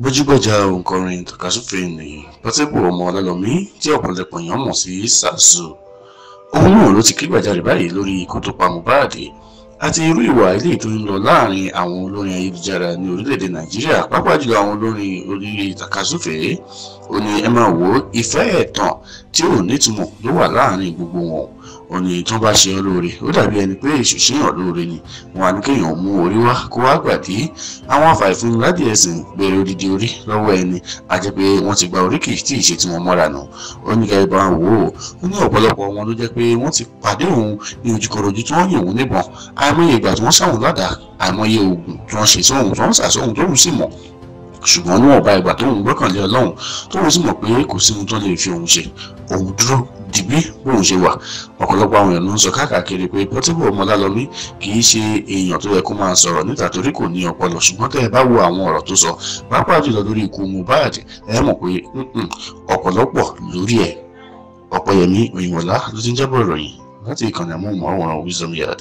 gbajúgbajà òǹkọrin tàkasúfèé ní Portable ọmọ ọlálọ́mí tí ọ̀pọ̀lọpọ̀ èèyàn mọ̀ sí Saxo òun náà ló ti kẹ́gbàjarè báyìí lórí ikú tó pa Mohbad àti irú ìwà eléyìí tó ń lọ láàrin àwọn olórin ayélujára ní orílẹ̀-èdè nàìjíríà pàápàá jùlọ àwọn olórin orí ìtàkasúfèé ó ní ẹ máa wò ó ìfẹ́ ẹ̀tàn tí ò nítumọ̀ ló wà láàrin gbogbo wọn ó ní tí bá ṣe ọ́ ó dàbí ẹni pé èṣù ṣèyàn lóore ni wọn á ní kéèyàn mú orí wá kó wá gbà kí àwọn afàìfún ládìí ẹ̀sìn bẹ̀rẹ̀ odidi orí lọ́wọ́ ẹni àti pé wọ́n ti gba oríkì tí ìṣe tí wọ́n mọ́ra nù ó ní kẹ́ẹ́ bá wò ó ó ní ọ̀pọ̀lọpọ̀ wọn ló jẹ́ pé wọ́n ti pàdé òun ní ojúkọ̀rọ̀jú tí wọ́n yìn òun níbọn á àìmọye ìgbà tí wọ́n ṣàwọn ládàá àìmọye oògùn tí wọ́n ṣe sóhun tí wọ́n ṣà sóhun tóun sì mọ̀ ṣùgbọ́n níwọ̀n bá ìgbà tóun gbọ́kànlé ọlọ́run tóun sì mọ̀ pé kò sí ohun tó lè fi òun ṣe òun dúró dìbí bóun ṣe wà ọ̀pọ̀lọpọ̀ àwọn èèyàn ló ń sọ káàkiri pé Portable Ọmọlálọmí kì í ṣe èèyàn tó yẹ kó máa sọ̀rọ̀ níta torí kò ní ọpọlọ ṣùgbọ́n tẹ́ ẹ bá wo àwọn ọ̀rọ̀ tó sọ pàápàá jùlọ lórí ikú Mohbad ẹ mọ̀ pé ọ̀pọ̀lọpọ̀ lórí ẹ̀ Ọ̀pẹ́yẹmí Òyìnbọ̀lá ló ti ń jábọ̀ ìròyìn láti ìkànnì amóhùnmáwòrán Wisdom Yard.